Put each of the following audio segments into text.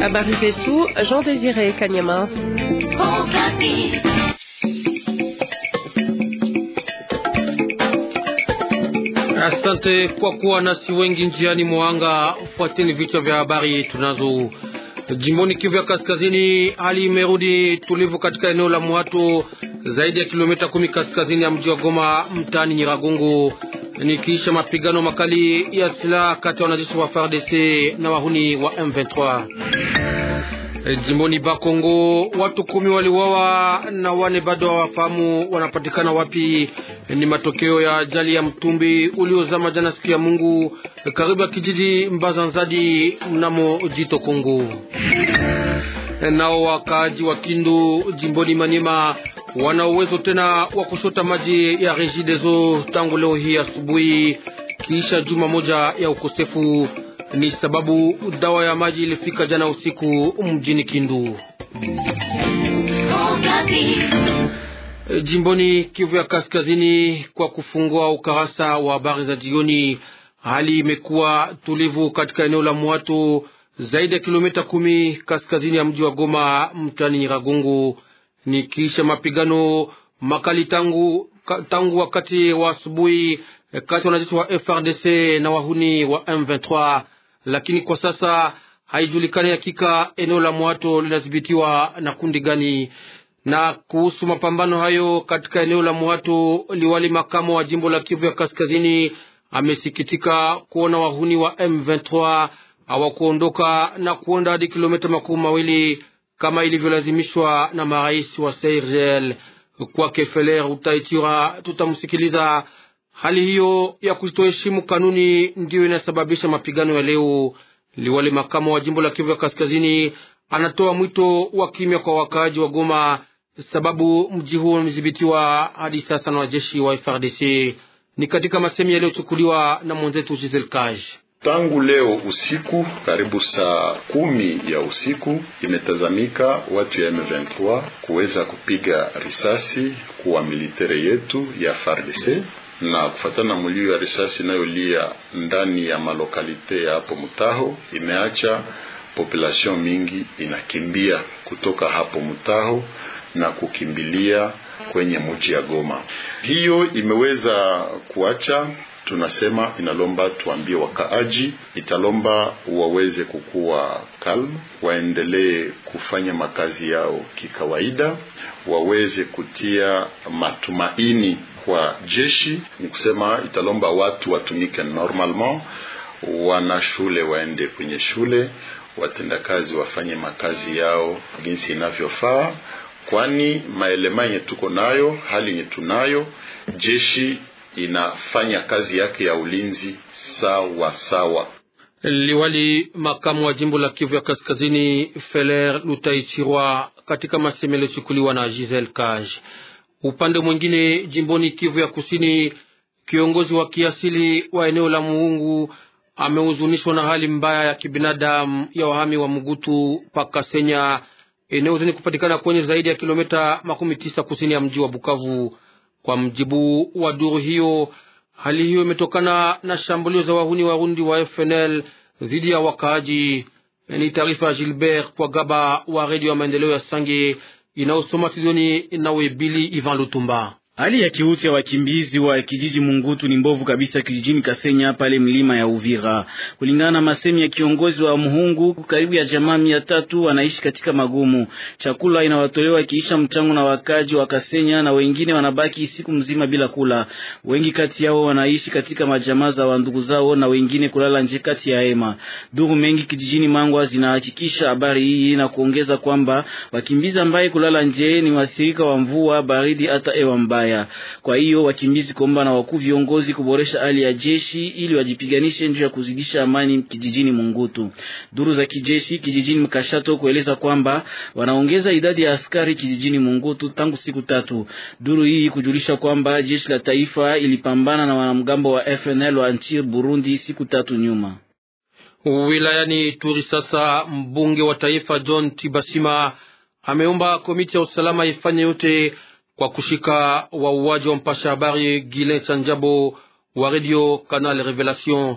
Habari zetu Jean Désiré Kanyama. Asante kwa kuwa nasi wengi njiani mwanga. Fuateni vichwa vya habari tunazo. Jimboni Kivu ya Kaskazini, hali imerudi tulivu katika eneo la Mwato, zaidi ya kilomita kumi kaskazini ya mji wa Goma, mtaani Nyiragongo ni kisha mapigano makali ya silaha kati ya wanajeshi wa FARDC na wahuni wa M23 jimboni Bakongo. Watu kumi waliuawa na wane bado hawafahamu wanapatikana wapi. Ni matokeo ya ajali ya mtumbi uliozama jana siku ya Mungu karibu ya kijiji Mbazanzadi mnamo jito Kongo. Nao wakaaji wa Kindu jimboni manyema wana uwezo tena wa kushota maji ya Regideso tangu leo hii asubuhi, kisha juma moja ya ukosefu. Ni sababu dawa ya maji ilifika jana usiku mjini Kindu. jimboni Kivu ya Kaskazini, kwa kufungua ukarasa wa habari za jioni, hali imekuwa tulivu katika eneo la Mwatu, zaidi ya kilomita kumi kaskazini ya mji wa Goma, mtani Nyiragongo ni kisha mapigano makali tangu, tangu wakati wa asubuhi eh, kati ya wanajeshi wa FRDC na wahuni wa M23, lakini kwa sasa haijulikani hakika eneo la Mwato linadhibitiwa na kundi gani. Na kuhusu mapambano hayo katika eneo la Mwato, liwali makamo wa jimbo la Kivu ya Kaskazini amesikitika kuona wahuni wa M23 hawakuondoka na kuonda hadi kilomita makumi mawili kama ilivyolazimishwa na marais wa CIRGL. Kwake feler Utaitira tutamsikiliza. Hali hiyo ya kutoheshimu kanuni ndiyo inasababisha mapigano ya leo. Liwali makamo wa jimbo la Kivu ya Kaskazini anatoa mwito wa kimya kwa wakaaji wa Goma sababu mji huo umedhibitiwa hadi sasa na wajeshi wa frdc Ni katika masemi yaliyochukuliwa na mwenzetu Gisel Kaj. Tangu leo usiku karibu saa kumi ya usiku imetazamika watu ya M23 kuweza kupiga risasi kuwa militere yetu ya FARDC na kufatana mlio ya risasi inayolia ndani ya malokalite ya hapo Mutaho imeacha population mingi inakimbia kutoka hapo Mutaho na kukimbilia kwenye mji ya Goma. Hiyo imeweza kuacha tunasema inalomba tuambie wakaaji, italomba waweze kukuwa calm, waendelee kufanya makazi yao kikawaida, waweze kutia matumaini kwa jeshi. Ni kusema italomba watu watumike normalement, wana shule waende kwenye shule, watendakazi wafanye makazi yao jinsi inavyofaa, kwani maelema yenye tuko nayo, hali yenye tunayo, jeshi inafanya kazi yake ya ulinzi sawa sawa. Liwali makamu wa jimbo la Kivu ya Kaskazini Feler Lutaichirwa katika maseme yaliyochukuliwa na Giselle Kaj. Upande mwingine jimboni Kivu ya Kusini, kiongozi wa kiasili wa eneo la Muungu amehuzunishwa na hali mbaya ya kibinadamu ya wahami wa Mugutu Pakasenya, eneo zenye kupatikana kwenye zaidi ya kilomita makumi tisa kusini ya mji wa Bukavu. Kwa mjibu wa duru hiyo, hali hiyo imetokana na shambulio za wahuni warundi wa FNL dhidi ya wakaaji. Ni taarifa ya Gilbert kwa gaba wa redio ya maendeleo ya Sange inayosoma studioni nawe Bili Ivan Lutumba. Hali ya kiuti ya wakimbizi wa kijiji Mungutu ni mbovu kabisa kijijini Kasenya pale mlima ya Uvira. Kulingana na masemi ya kiongozi wa Muhungu, karibu ya jamaa mia tatu wanaishi katika magumu. Chakula inawatolewa kiisha mchango na wakaji wa Kasenya na wengine wanabaki siku mzima bila kula. Wengi kati yao wanaishi katika majamaa za wandugu zao na wengine kulala nje kati ya hema. Duru mengi kijijini Mangwa zinahakikisha habari hii na kuongeza kwamba wakimbizi ambaye kulala nje ni wasirika wa mvua, baridi hata ewa mbaya. Ulaya. Kwa hiyo wakimbizi kuomba na wakuu viongozi kuboresha hali ya jeshi ili wajipiganishe njia ya kuzidisha amani kijijini Mungutu. Duru za kijeshi kijijini Mkashato kueleza kwamba wanaongeza idadi ya askari kijijini Mungutu tangu siku tatu. Duru hii kujulisha kwamba jeshi la taifa ilipambana na wanamgambo wa FNL wa nchi Burundi siku tatu nyuma. Wilayani Turi, sasa, mbunge wa taifa John Tibasima ameomba komiti ya usalama ifanye yote kwa kushika wauaji wa mpasha habari Gilin Sanjabo wa redio Canal Revelation.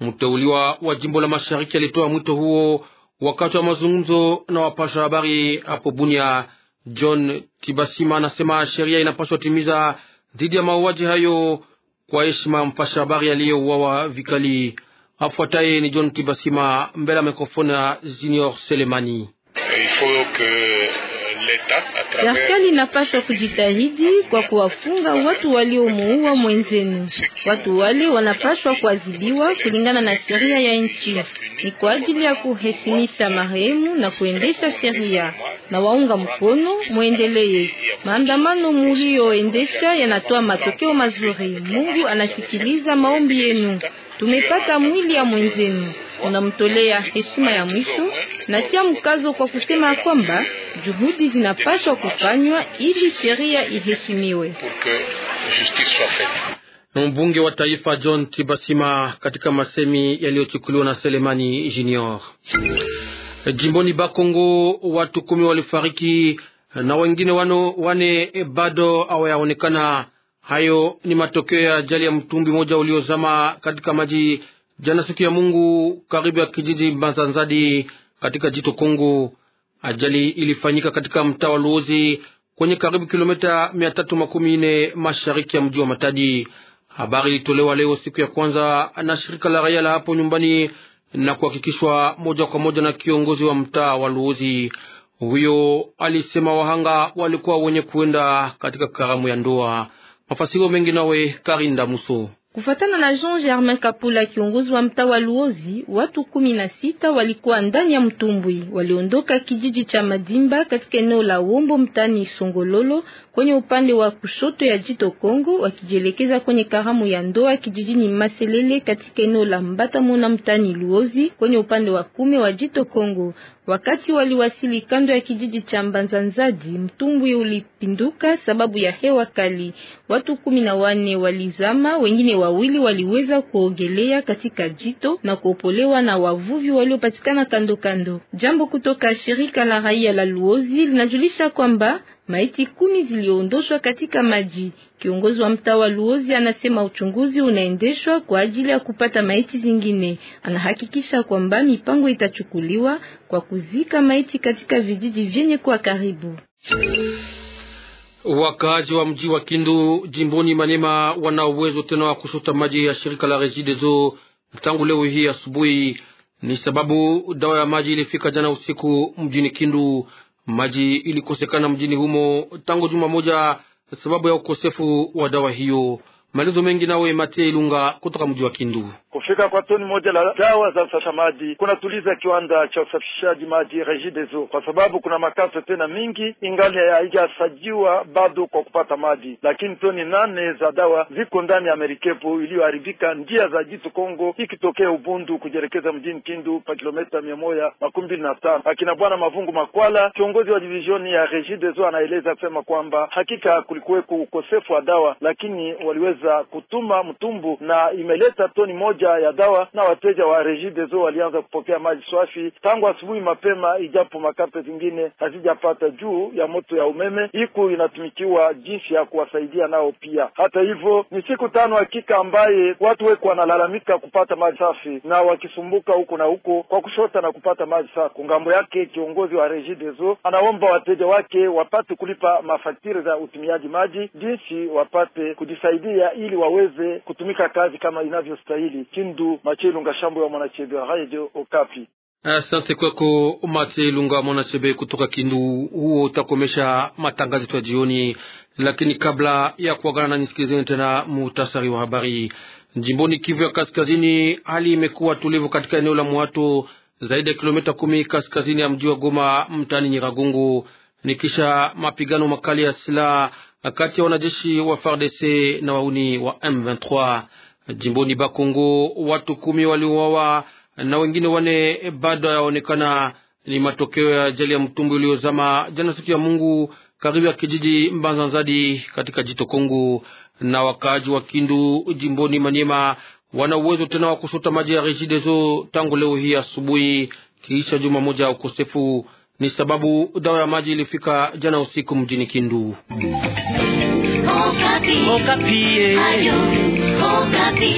Mteuliwa wa jimbo la mashariki alitoa mwito huo wakati wa mazungumzo na wapasha habari hapo Bunia. John Tibasima anasema sheria inapaswa timiza dhidi ya mauaji hayo kwa heshima mpasha habari aliyeuawa vikali. Afuataye ni John Tibasima mbele ya mikrofoni ya Junior Selemani. Serikali inapaswa kujitahidi kwa kuwafunga watu waliomuua mwenzenu. Watu wale wanapaswa kuadhibiwa kulingana na sheria ya nchi, ni kwa ajili ya kuheshimisha marehemu na kuendesha sheria. Na waunga mkono, muendelee maandamano mulioendesha, yanatoa matokeo mazuri. Mungu anasikiliza maombi yenu tumepata mwili ya mwenzenu, unamtolea heshima ya mwisho. Natia mkazo kwa kusema kwamba juhudi zinapaswa kufanywa ili sheria iheshimiwe. Mbunge wa taifa John Tibasima katika masemi yaliyochukuliwa na Selemani Junior. Jimboni Bakongo watu kumi walifariki na wengine wano wane bado hawayaonekana Hayo ni matokeo ya ajali ya mtumbi moja uliozama katika maji jana siku ya Mungu karibu ya kijiji Mazanzadi katika jito Kongo. Ajali ilifanyika katika mtaa wa Luozi kwenye karibu kilomita mia tatu makumi nne mashariki ya mji wa Matadi. Habari ilitolewa leo siku ya kwanza na shirika la raia la hapo nyumbani na kuhakikishwa moja kwa moja na kiongozi wa mtaa wa Luozi. Huyo alisema wahanga walikuwa wenye kuenda katika karamu ya ndoa. Mafasirio mengi nawe Karinda Muso. Kufatana na Jean Germain Kapula, kiongozi wa mtaa wa Luozi, watu kumi na sita walikuwa ndani ya mtumbwi, waliondoka kijiji cha Madimba katika eneo la Wombo mtani Songololo kwenye upande wa kushoto ya jito Kongo, wakijielekeza kwenye karamu ya ndoa kijijini Maselele katika eneo la Mbata Muna mtani Luozi kwenye upande wa kume wa jito Kongo. Wakati waliwasili kando ya kijiji cha Mbanzanzaji, mtumbwi ulipinduka sababu ya hewa kali. Watu kumi na wanne walizama, wengine wawili waliweza kuogelea katika jito na kuopolewa na wavuvi waliopatikana kando kando. Jambo kutoka shirika la raia la Luozi linajulisha kwamba maiti kumi ziliondoshwa katika maji. Kiongozi wa mtaa wa Luozi anasema uchunguzi unaendeshwa kwa ajili ya kupata maiti zingine. Anahakikisha kwamba mipango itachukuliwa kwa kuzika maiti katika vijiji vyenye kwa karibu. Wakaaji wa mji wa Kindu jimboni Manema wana uwezo tena wa kushota maji ya shirika la Regideso tangu leo hii asubuhi. Ni sababu dawa ya maji ilifika jana usiku mjini Kindu. Maji ilikosekana mjini humo tangu juma moja sababu ya ukosefu wa dawa hiyo. Malizo mengi nawe Matia Ilunga kutoka mji wa Kindu. Kufika kwa toni moja la dawa za usafisha maji kunatuliza kiwanda cha usafishaji maji Regideso, kwa sababu kuna makazo tena mingi ingali haijasajiwa bado kwa kupata maji, lakini toni nane za dawa ziko ndani ya merikepu iliyoharibika njia za jitu Kongo ikitokea Ubundu kujerekeza mjini Kindu pa kilometa mia moja makumi mbili na tano. Akina Bwana Mavungu Makwala, kiongozi wa divisioni ya Regideso, anaeleza kusema kwamba hakika kulikuweko ukosefu wa dawa, lakini waliweza za kutuma mtumbu, na imeleta toni moja ya dawa, na wateja wa Regideso walianza kupokea maji swafi tangu asubuhi mapema, ijapo makape zingine hazijapata juu ya moto ya umeme. Iku inatumikiwa jinsi ya kuwasaidia nao pia. Hata hivyo ni siku tano hakika ambaye watu weko wanalalamika kupata maji safi na wakisumbuka huku na huku kwa kushota na kupata maji safi. Kungambo yake kiongozi wa Regideso anaomba wateja wake wapate kulipa mafaktiri za utumiaji maji jinsi wapate kujisaidia ili waweze kutumika kazi kama inavyostahili. Kindu Machelu shambo ya Mwanachebe wa Radio Okapi. Asante kwako Mate Lunga Mwanachebe kutoka Kindu. Huo utakomesha matangazo ya jioni, lakini kabla ya kuagana na nisikilizeni tena muhtasari wa habari. Jimboni Kivu ya Kaskazini, hali imekuwa tulivu katika eneo la Mwato, zaidi ya kilomita kumi kaskazini ya mji wa Goma, mtaani Nyiragongo ni kisha mapigano makali ya silaha kati ya wanajeshi wa FARDC na wauni wa M23 jimboni Bakongo. Watu kumi waliuawa na wengine wane bado yaonekana. Ni matokeo ya ajali ya mtumbwi uliozama jana siku ya Mungu karibu ya kijiji Mbanzanzadi katika jito Kongo. Na wakaaji wa Kindu jimboni Maniema wana uwezo tena wa kushota maji ya Regideso tangu leo hii asubuhi, kiisha juma moja ukosefu ni sababu dawa ya maji ilifika jana usiku mjini Kindu. Okapi. Okapi. Eh. Ayo, Okapi.